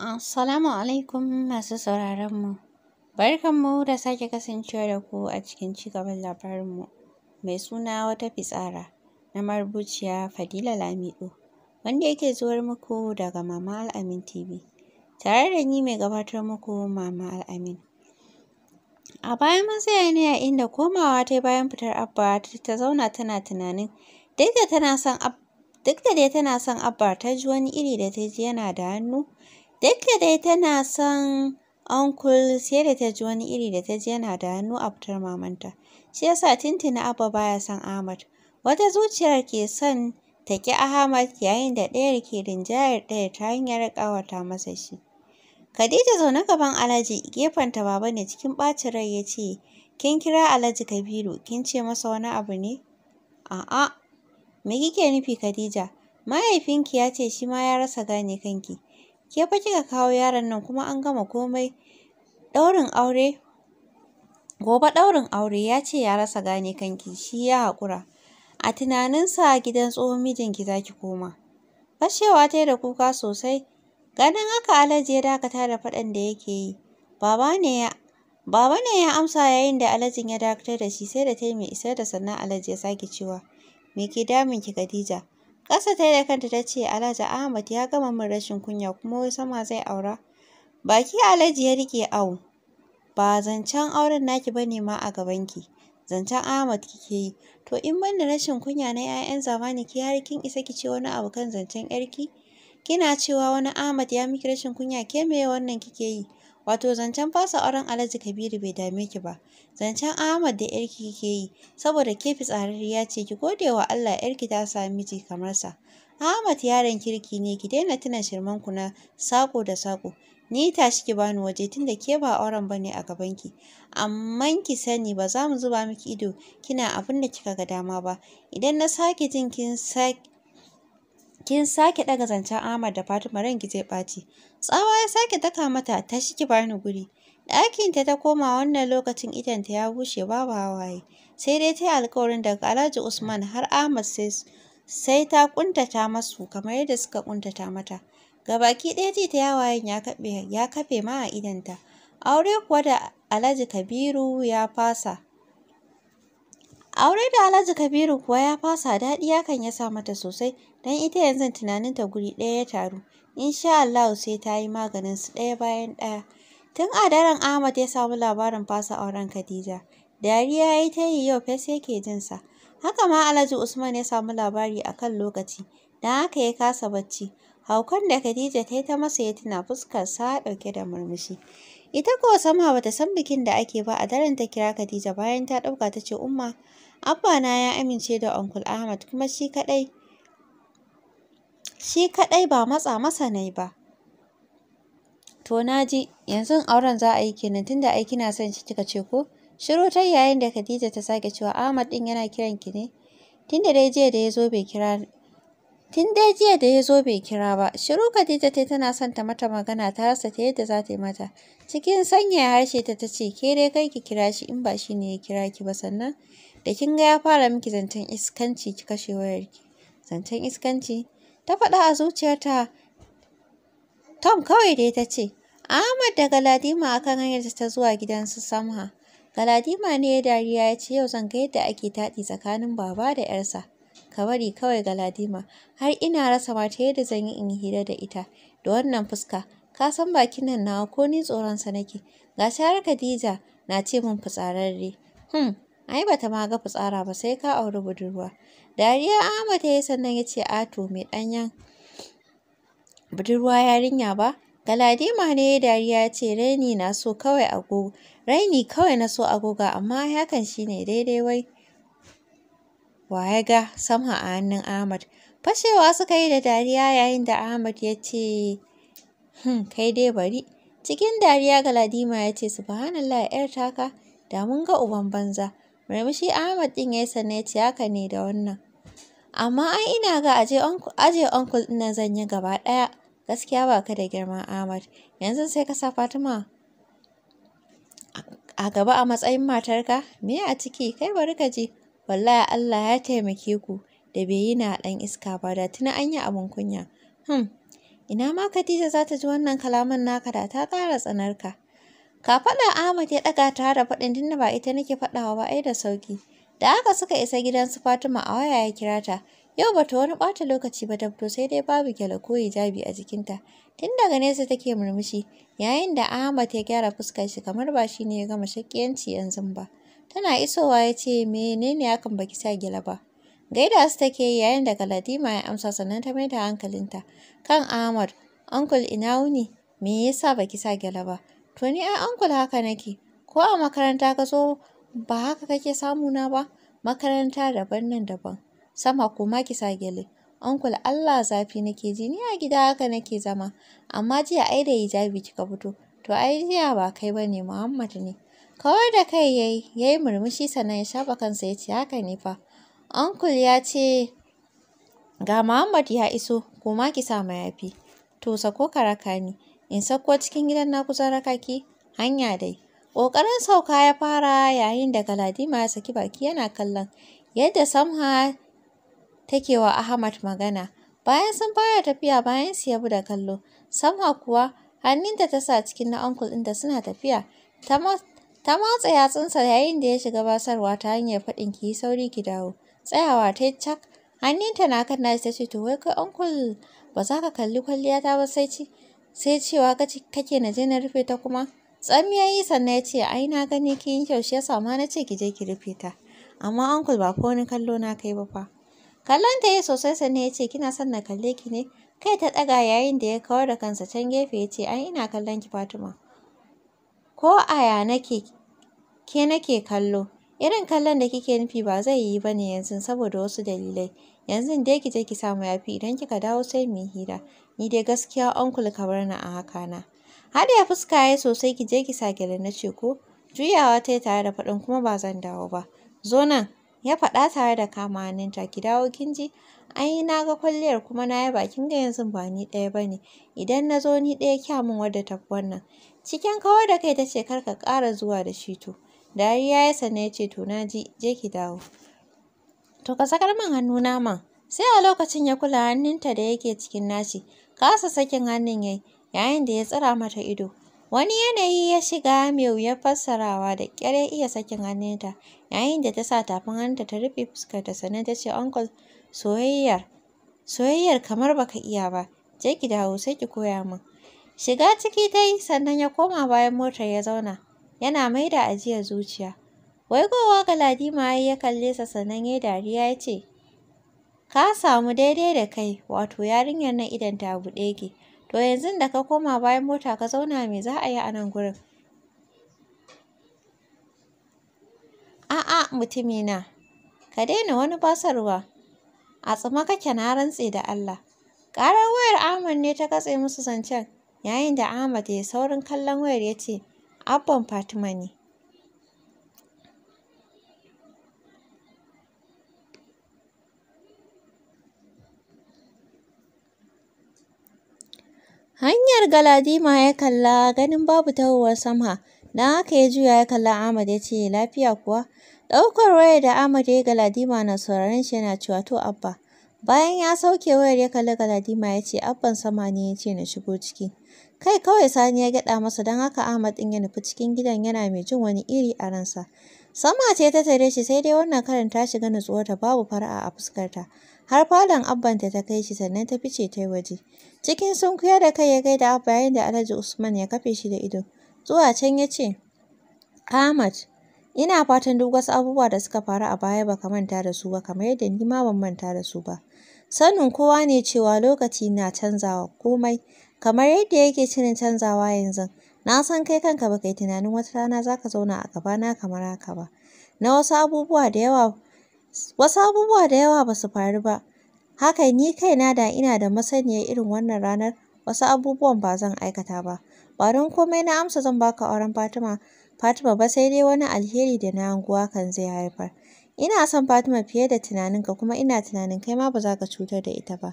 Assalamu alaikum masu sauraronmu. Barkanmu da sake kasancewa da ku a cikin cigaban mu mai suna wata fitsara na marubuciya Fadila Lamido wanda yake zuwar muku daga Mama Al'amin TV tare da ni mai gabatar muku Mama Al'amin. A bayan mun tsaya ne a inda komawa ta bayan fitar Abba ta zauna tana tunanin duk da dai tana son Abba ta ji wani iri da ta ji yana da hannu Duk da dai tana son Uncle sai da ta ji wani iri da ta ji yana da hannu a fitar mamanta. Shi ya yasa tuntuni Abba baya son Ahmad. Wata zuciyar ke son ta ƙi Ahmad yayin da ɗayar ke rinjayar ɗaya ta hanyar ƙawata masa shi. Khadija zaune gaban Alhaji ta baba ne cikin ɓacin rai ya ce, Kin kira Alhaji Kabiru, kin ce masa wani abu ne? A'a, me kike nufi Khadija? Mahaifinki ya ce shi ma ya rasa gane kanki. Ke fa kika kawo yaron nan kuma an gama komai. Ɗaurin aure gobe ɗaurin aure ya ce ya rasa gane kanki shi ya haƙura. A tunaninsa gidan tsohon mijinki za ki koma. Fashewa ta yi da kuka sosai. Ganin haka Alhaji ya dakata da faɗan da yake yi. Baba ne ya Baba ne ya amsa yayin da Alhajin ya dakatar da shi sai da ta yi mai isar da sannan Alhaji ya sake cewa me ke damun ki Khadija? Ƙasa ta da kanta ta ce Alhaji Ahmad ya gama min rashin kunya kuma wai sama zai aura. Baki Alhaji ya rike au. Ba zancen auren naki ba ne ma a gabanki. Zancen Ahmad kike yi. To in ban da rashin kunya na 'ya'yan zamani ki har kin isa ki ce wani abu kan zancen 'yarki? Kina cewa wani Ahmad ya miki rashin kunya ke me wannan kike yi? Wato zancen fasa auren Alhaji Kabiru bai dame ki ba. Zancen Ahmad da ‘yarki kike yi, saboda ke fitsararriya ce ki gode wa Allah ‘yarki ta sami miji kamar sa. Ahmad yaron kirki ne ki daina tuna shirman ku na saƙo da saƙo. Ni tashi ki bani waje tunda ke ba auren ne a gaban ki. Amman ki sani ba za mu zuba miki ido kina abin da kika ga dama ba. Idan na sake jin kin sake kin sake ɗaga zancen Ahmad da Fatima ranki zai ɓaci. Tsawa ya sake daka mata ta shiki ki bani guri. Ɗakinta ta koma wannan lokacin idonta ya bushe babu hawaye. Sai dai ta yi alƙawarin, daga Alhaji Usman har Ahmad sai sai ta kuntata masu kamar yadda suka kuntata mata. Gabaki ɗaya ji ta yawayen ya kaɓe ya kafe ma a idonta. Aure kuwa da Alhaji Kabiru ya fasa. Aure da Alhaji Kabiru kuwa ya fasa daɗi hakan ya sa mata sosai don ita yanzu ta guri ɗaya ya taru, insha Allahu sai ta yi maganin su ɗaya bayan ɗaya. Tun a daren Ahmad ya samu labarin fasa auren Khadija, dariya ya yi ta yi yau fes yake sa. Haka ma Alhaji Usman ya samu labari a kan lokaci, Dan haka ya kasa bacci. Haukan da Khadija ta yi ta masa ya tuna fuskarsa dauke da murmushi. Ita kuwa sama bata san bikin da ake ba a daren ta kira Khadija bayan ta ɗauka ta ce Umma, Abba na ya amince da Uncle Ahmad kuma shi kaɗai shi kaɗai ba matsa masa nai ba. To na ji, yanzu auren za a yi kenan tunda ai kina son shi kika ce ko? Shiru ta yayin da Khadija ta sake cewa Ahmad din yana kiran ki ne. Tunda dai jiya da yazo bai kira Tun dai jiya da ya bai kira ba, shiru Khadija ta tana son ta mata magana ta rasa ta yadda za ta yi mata. Cikin sanya harshe ta tace ke dai kai ki kira shi in ba shi ne ya kira ki ba sannan da kin ga ya fara miki zancen iskanci ki kashe wayarki. Zancen iskanci? Ta faɗa a zuciyarta, Tom kawai dai ta ce, Ahmad da Galadima a kan hanyarta ta zuwa gidan su Samha. Galadima ne ya dariya ya ce yau zan ga yadda ake taɗi tsakanin baba da ‘yarsa. Ka bari kawai Galadima, har ina rasa mata yadda zan yi in hira da ita, da wannan fuska. Ka san bakin nan nawa ko ni tsoronsa nake. Ga har Khadija na ce mun fitsararre. Hmm, ai bata ma ga fitsara ba sai ka auri budurwa dariya Ahmad ta yi sannan ya ce ato mai ɗanyen budurwa yarinya ba Galadima ne dariya ya ce raini na so kawai agogo raini kawai na so agoga amma hakan shine daidai wai wa ya ga sama a hannun Ahmad fashewa suka yi da dariya yayin da Ahmad ya ce hmm, kai dai bari cikin dariya Galadima ya ce subhanallah yar taka da mun ga uban banza Murmushi Ahmad ɗin ya yi sannan ya haka ne da wannan. Amma ai ina ga aje uncle ɗin zan yi gaba ɗaya. Gaskiya ba ka da girma Ahmad. Yanzu sai ka sa Fatima a gaba a matsayin matarka? Me a ciki? Kai bari ka ji. Wallahi Allah ya taimake ku da bai yi na dan iska ba da tuna an yi abin kunya. Hmm, ina ma Khadija za ta ji wannan kalaman naka da ta kara tsanarka. Kafaɗa Ahmad ya ɗaga ta da faɗin tunda ba ita nake faɗawa ba ai da sauki. Da haka suka isa gidan su Fatima a waya ya kira ta. Yau bata wani ɓata lokaci ba ta fito sai dai babu gyale ko hijabi a jikinta. Tun daga nesa take murmushi yayin da Ahmad ya gyara fuskar shi kamar ba shi ne ya gama shakkiyanci yanzu ba. Tana isowa ya ce menene hakan baki sa gyale ba. Gaida su take yi yayin da Galadima ya amsa sannan ta maida hankalinta kan Ahmad. Uncle ina wuni? Me yasa baki sa gyale ba? To ni ai ankul haka nake, ko a makaranta ka zo ba haka kake samu na ba, makaranta daban nan daban, sama kuma ki sa gele. Uncle Allah zafi nake ji, ni a gida haka nake zama, amma jiya ai da hijabi kika fito, to ai jiya ba kai ba ne Muhammad ne. Kawar da kai yayi, yayi murmushi sannan ya shafa kansa ya ce haka ne fa. Uncle ya ce ga Muhammad ya iso, kuma ki sa mayafi, to sako ka raka ni. in sauko cikin gidan na kusa raka ki hanya dai ƙoƙarin sauka ya fara yayin da galadima ya saki baki yana kallon yadda samha take wa ahmad magana bayan sun fara tafiya bayan su yabu da kallo samha kuwa hannunta ta sa cikin na uncle da suna tafiya ta matsa yatsunsa yayin da ya shiga basarwa ta hanyar faɗin ki sauri ki dawo tsayawa ta yi cak hannunta na kan nashi ta ce to wai kai uncle ba za ka kalli kwalliyata ba sai ci sai cewa kake na je na rufe ta kuma tsam ya yi sannan ya ce ai na gani ki yin kyau shi yasa ma na ce ki je ki rufe ta amma uncle ba ko wani kallo na kai ba fa kallon ta yi sosai sannan ya ce kina son na kalle ki ne kai ta ɗaga yayin da ya kawar da kansa can gefe ya ce ai ina kallon ki Fatima ko aya nake ke nake kallo irin kallon da kike nufi ba zai yi bane yanzu saboda wasu dalilai yanzu dai ki je ki samu yafi idan kika dawo sai mu yi hira Ni dai gaskiya uncle ka bar ni a haka na. ya fuska ya sosai ki je ki sa gyale na ce ko. Juyawa ta yi tare da faɗin kuma ba zan dawo ba. Zo nan. Ya faɗa tare da kama hannunta ki dawo kin ji. Ai na ga kwalliyar kuma na yaba bakin ga yanzu ba ni ɗaya ba ne. Idan na zo ni ɗaya min wadda ta wannan. Cikin kawar da kai ta ce kar ka kara zuwa da shi to. Dariya ya sane ya ce to na ji je ki dawo. To ka sakar min hannu na man. Sai a lokacin ya kula hannunta da yake cikin nashi. kasa sakin hannun yayi yayin da ya tsira mata ido. Wani yanayi ya shiga mai wuyar fassarawa da kyar ya iya sakin hannunta yayin da ta sa tafin hannunta ta rufe fuskarta sannan ta ce uncle soyayyar soyayyar kamar baka iya ba je ki dawo sai ki koya min. Shiga ciki dai sannan ya koma bayan motar ya zauna yana mai da ajiyar zuciya. Wai Waigowa Galadima ya kalle sa sannan ya dariya ya ce Ka samu daidai da kai, wato yarinyar nan idon ta buɗe ke, To yanzu da ka koma bayan mota ka zauna me za a yi a nan gurin? A'a mutumina, ka daina wani basarwa. A tsuma kake na rantse da Allah. Ƙarar wayar Ahmad ne ta katse musu zancen, yayin da Ahmad ya yi saurin kallon wayar ya ce, Abban Fatima ne. Hanyar Galadima ya kalla ganin babu tahowar Samha, don haka ya juya ya kalla Ahmad ya ce, lafiya kuwa? Ɗaukar wayar da Ahmad ya yi Galadima na sauraron shi yana cewa to Abba. Bayan ya sauke wayar ya kalli Galadima ya ce, Abban sama ne ya ce na shigo ciki. Kai kawai Sani ya gyaɗa masa don haka Ahmad ɗin ya nufi cikin gidan yana mai jin wani iri a ransa. Sama ce ta tare shi sai dai wannan karin ta shiga ta, babu fara'a a fuskarta. Har falon abbanta ta kai shi sannan ta fice ta waje. Cikin sun sunkuya da kai ya da abba yayin da Alhaji Usman ya kafe shi da ido. Zuwa can ya ce, Ahmad, ina fatan duk wasu abubuwa da suka faru a baya ba baka manta da su ba kamar yadda ni ma ban manta da su ba. Sanin kowa ne cewa lokaci na canzawa komai kamar yadda yake shirin canzawa yanzu. Na san kai kanka ba kai tunanin wata rana za ka zauna a gabana kamar haka ba. Na wasu abubuwa da yawa wasu ba su faru ba. Haka ni kaina da ina da masaniyar irin wannan ranar wasu abubuwan ba zan aikata ba. Ba don komai na amsa zan baka auren Fatima Fatima ba sai dai wani alheri da na anguwa kan zai haifar. Ina son Fatima fiye da tunaninka kuma ina tunanin kai ma ba za ka cutar da ita ba.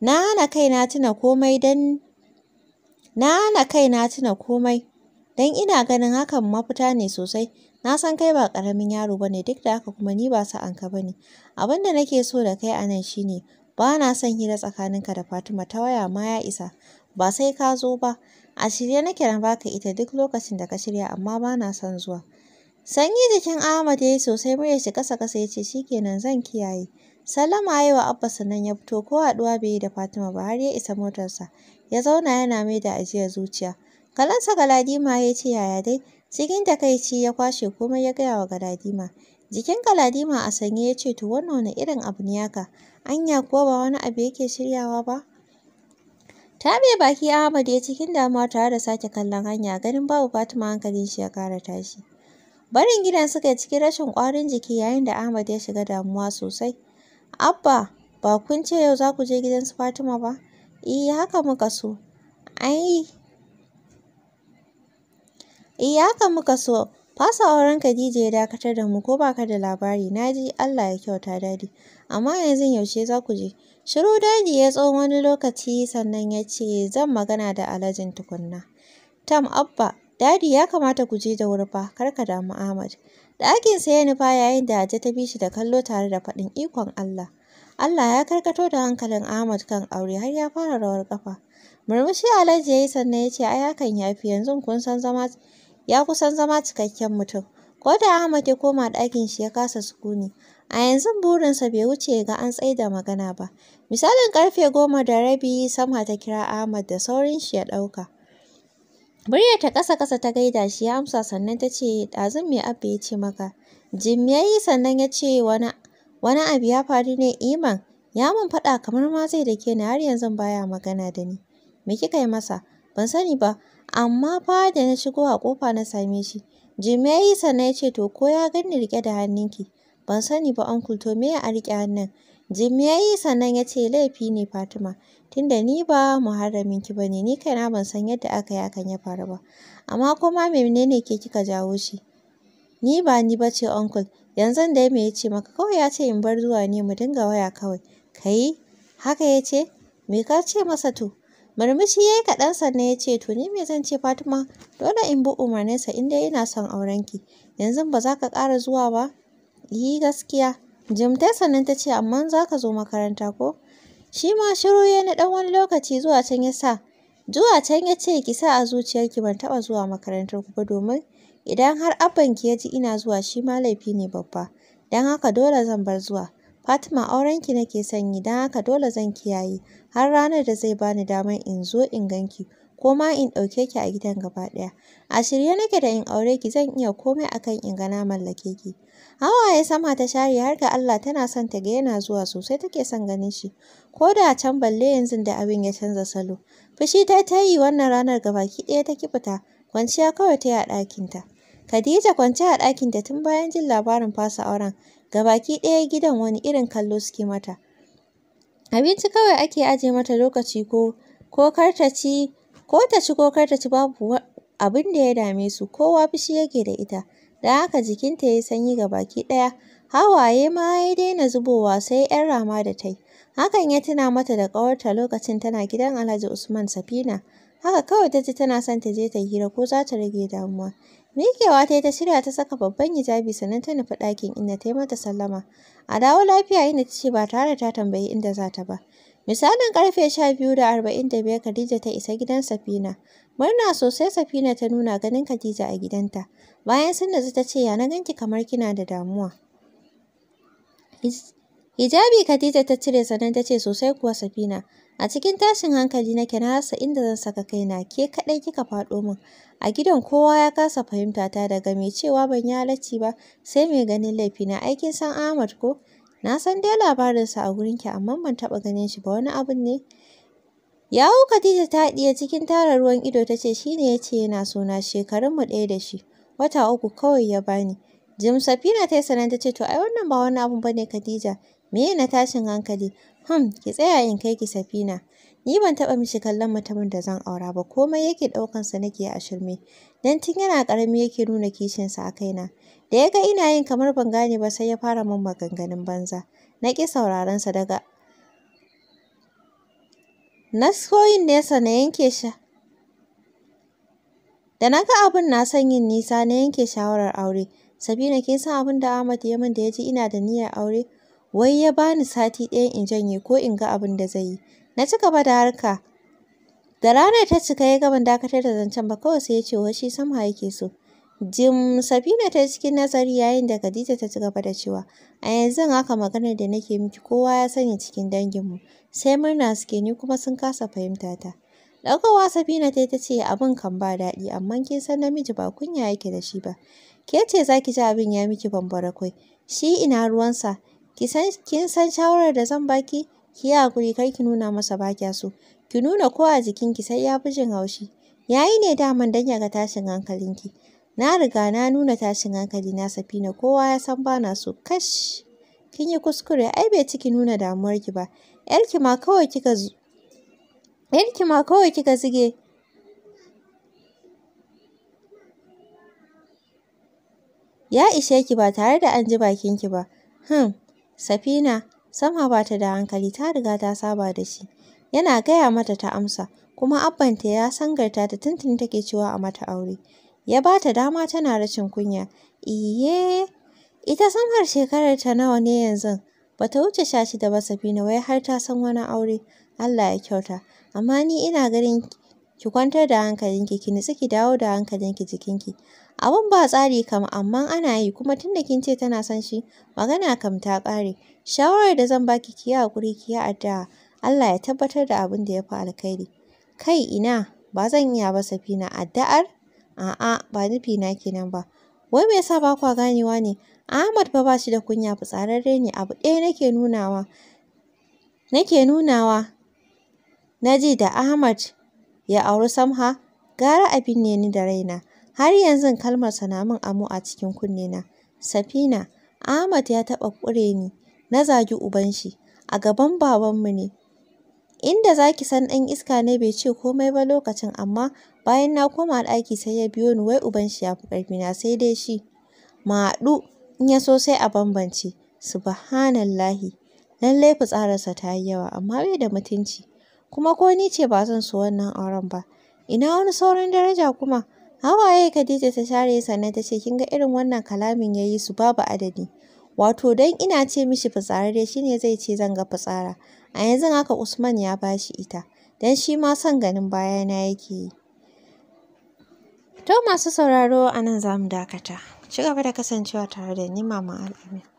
Na hana kaina tuna komai don Na hana na tuna komai, don ina ganin hakan mafita ne sosai. Na san kai ba ƙaramin yaro ba ne, duk da haka kuma ni ba sa'anka ba ne. Abin da nake so da kai a nan shi ba na son hira ka da Fatima ta waya ma ya isa, ba sai ka zo ba. A shirye nake na ba ka ita duk lokacin da ka shirya, amma ba na son zuwa. Sanyi jikin Ahmad ya yi sosai, mai shi kasa kasa ya ce, shi kenan zan kiyaye. Sallama ya wa Abba sannan ya fito, ko haɗuwa bai yi da Fatima ba har ya isa motarsa. ya zauna yana mai da ajiyar zuciya. Kalansa Galadima ya ce yaya dai, cikin takaici ya kwashe komai ya gaya wa Galadima. Jikin Galadima a sanye ya ce to wannan wani irin abu ne haka, anya kuwa ba wani abu yake shiryawa ba? Ta Tabe baki Ahmad ya cikin damuwa tare da sake kallon hanya ganin babu Fatima hankalin shi ya kara tashi. Barin gidan suka cikin rashin ƙwarin jiki yayin da Ahmad ya shiga damuwa sosai. Abba, ba kun ce yau za ku je gidan su Fatima ba? Eh haka muka so. Ai. Eh haka muka Fasa auren Khadija ya dakatar da mu ko ba ka da labari. naji Allah ya kyauta dadi. Amma yanzu yaushe za ku je? Shiru dadi ya tsawon wani lokaci sannan ya ce zan magana da alhaji tukunna. Tam Abba, dadi ya kamata ku je da wuri fa, kar ka damu Ahmad. Ɗakinsa ya nufa yayin da Hajja ta bi shi da kallo tare da faɗin ikon Allah. Allah ya karkato da hankalin Ahmad kan aure har ya fara rawar kafa. Murmushi Alhaji yayi yi sannan ya ce ai hakan ya fi yanzu kun san zama ya kusan zama cikakken mutum. Ko da Ahmad ya koma ɗakin shi ya kasa sukuni. A yanzu burinsa bai wuce ga an da magana ba. Misalin karfe goma da rabi sama ta kira Ahmad da saurin shi ya ɗauka. Murya ta kasa kasa ta gaida shi ya amsa sannan ta ce ɗazun me abu ya ce maka. Jim ya yi sannan ya ce wani Wani abu ya faru ne Iman? Ya min faɗa kamar ma zai dake ni har yanzu baya magana da ni. Me kika yi masa? Ban sani ba, amma fa da na shigo a kofa na same shi. Jime ya yi sannan ya ce to ko ya ganni rike da hannunki? Ban sani ba uncle to me a rike hannun? Jim ya yi sannan ya ce laifi ne Fatima, tunda ni ba muharraminki ba ne, ni kaina ban san yadda aka yi akan ya faru ba. Amma kuma menene ke kika jawo shi? Ni ba ni ba ce uncle, Yanzu da me ya ce maka? Kawai ya ce in bar zuwa ne mu dinga waya kawai. yi haka ya ce? Me ka ce masa to? Murmushi ya yi kaɗan sannan ya ce to ni me zan ce Fatima? Dole in bi umarninsa in dai ina son aurenki. Yanzu ba za ka ƙara zuwa ba? Yi gaskiya. Jimtai sannan ta ce amma za ka zo makaranta ko? Shi ma shiru ya na ɗan wani lokaci zuwa can ya sa. Zuwa can ya ce ki sa a zuciyarki ban taɓa zuwa makarantar ku ba domin Idan har ki ya ji ina zuwa shi ma laifi ne babba. Don haka dole zan bar zuwa. Fatima aurenki nake sanyi. yi don haka dole zan kiyaye har ranar da zai bani damar in zo in ganki ko ma in ɗauke ki a gidan gaba ɗaya. A shirye nake da in aure ki zan iya komai akan in ga na mallake ki. Hawaye sama ta share har ga Allah tana son ta ga yana zuwa sosai take son ganin shi. Ko da can balle yanzu da abin ya canza salo. Fushi ta ta yi wannan ranar gabaki ɗaya ta ki fita kwanciya kawai ta yi a ɗakinta. Khadija kwance a ɗakinta tun bayan jin labarin fasa auren, ga baki ɗaya gidan wani irin kallo suke mata. Abinci kawai ake aje mata lokaci ko ko kar ci ko ta ci ko kar ta ci babu abin da ya dame su kowa fushi yake da ita. Da haka jikinta ya yi sanyi baki ɗaya, hawaye ma ya daina zubowa sai 'yan rama da ta Hakan ya tuna mata da ƙawarta lokacin tana gidan Alhaji Usman Safina. Haka kawai ta ji tana son ta je ta hira ko za ta rage damuwa. Mikewa ta yi ta shirya ta saka babban hijabi sannan ta nufi ɗakin inda ta yi mata sallama. A dawo lafiya inda ta ce ba tare da ta tambayi inda za ta ba. Misalin ƙarfe sha biyu da arba'in da biyar Khadija ta isa gidan Safina. Murna sosai Safina ta nuna ganin Khadija a gidanta. Bayan sun da ta ce ya na ganki kamar kina da damuwa. Hijabi Khadija ta cire sannan ta ce sosai kuwa Safina. A cikin tashin hankali nake na rasa inda zan saka kaina ke kaɗai kika faɗo min. A gidan kowa ya kasa fahimta ta daga mai cewa ban yi halacci ba sai mai ganin laifi na aikin san Ahmad ko? Na san dai labarinsa a gurin gurinki amma ban taɓa ganin shi ba wani abu ne. Yawo Khadija ta haɗiye cikin tara ruwan ido ta ce shi ne ya ce yana na shekarunmu ɗaya da shi. Wata uku kawai ya bani. Jim Safina ta yi sanar ta ce to ai wannan ba wani abu bane Khadija. Meye na tashin hankali? Hum, ki tsaya in kai ki safina. Ni ban taɓa mishi kallon mutumin da zan aura ba, komai yake sa nake a shirme. Dan tun yana ƙarami yake nuna kishin sa a kaina. Da yaga ina yin kamar ban gane ba sai ya fara min maganganun banza. Na sauraron sa daga na koyin nesa na yanke sha. Da na ga na son yin nisa na yanke shawarar aure. Sabina kin san abin da Ahmad ya min da ya ji ina da niyyar aure? wai ya bani sati ɗaya in janye ko in ga abin da zai yi. Na ci gaba da harka. Da ranar ta cika ya gaban dakatar da zancen ba kawai sai ya ce wai shi sama yake so. Jim Safina ta cikin nazari yayin da Khadija ta ci gaba da cewa, "A yanzu haka maganar da nake miki kowa ya sani cikin danginmu, sai murna suke ni kuma sun kasa fahimta ta." ɗaukawa Safina ta ta ce abin kan ba daɗi amma kin san namiji ba kunya yake da shi ba. Ke ce za ki ji abin ya miki bambara kwai, shi ina ruwansa, kin san shawarar da zan baki ki yi hakuri kar ki nuna masa ba kya so ki nuna ko a jikinki sai ya fi jin haushi yayi ne daman dan ya ga tashin hankalinki na riga na nuna tashin hankali na safina kowa ya san bana so kash kin yi kuskure ai bai ciki nuna damuwarki ba yarki ma kawai kika yarki ma kawai kika zige ya ishe ki ba tare da an ji bakinki ba hmm Safina sama ba ta da hankali ta riga ta saba da shi. Yana gaya mata ta amsa, kuma abbanta ya sangarta ta tuntun take cewa a mata aure. Ya ba ta dama tana rashin kunya. Iye, ita samar ta nawa ne yanzu? Ba ta wuce sha shida ba Safina wai har ta san wani aure. Allah ya kyauta. Amma ni ina ganin ki kwantar da hankalinki ki nutsu ki dawo da hankalinki ki. Abun ba tsari kam amma ana yi kuma tunda kin ce tana son shi magana kam ta ƙare shawarar da zan baki ki yi haƙuri ki yi addu'a Allah ya tabbatar da abin da ya fi alkhairi kai ina ba zan iya ba safina addu'ar a'a ba nufi na kenan ba wai me yasa ba kwa ganewa ne Ahmad fa ba shi da kunya fitsararre ne abu ɗaya nake nunawa nake nunawa na ji da Ahmad ya auri Samha, gara abin ne ni da raina. Har yanzu kalmarsa na min amu a cikin kunne na Safina, Ahmad ya taɓa ƙure ni, na zagi uban shi, a gaban babanmu ne. Inda zaki san ɗan iska ne bai ce komai ba lokacin amma bayan na koma ɗaki sai ya biyo ni wai uban shi ya fi karfi na sai dai shi. Maɗu, in ya so sai a bambance. Subhanallahi, lallai fitsararsa ta yi yawa amma bai da mutunci. kuma ko ni ce ba zan so wannan auren ba. Ina wani sauran daraja kuma? Hawaye Khadija ta share sannan ta ce kin ga irin wannan kalamin yayi su babu adadi. Wato don ina ce mishi shi shine zai ce zan ga fitsara. A yanzu haka Usman ya bashi ita dan shi ma son ganin bayana yake yi. To masu sauraro a nan za mu dakata. Ci gaba da kasancewa tare da ni Mama Al'amin.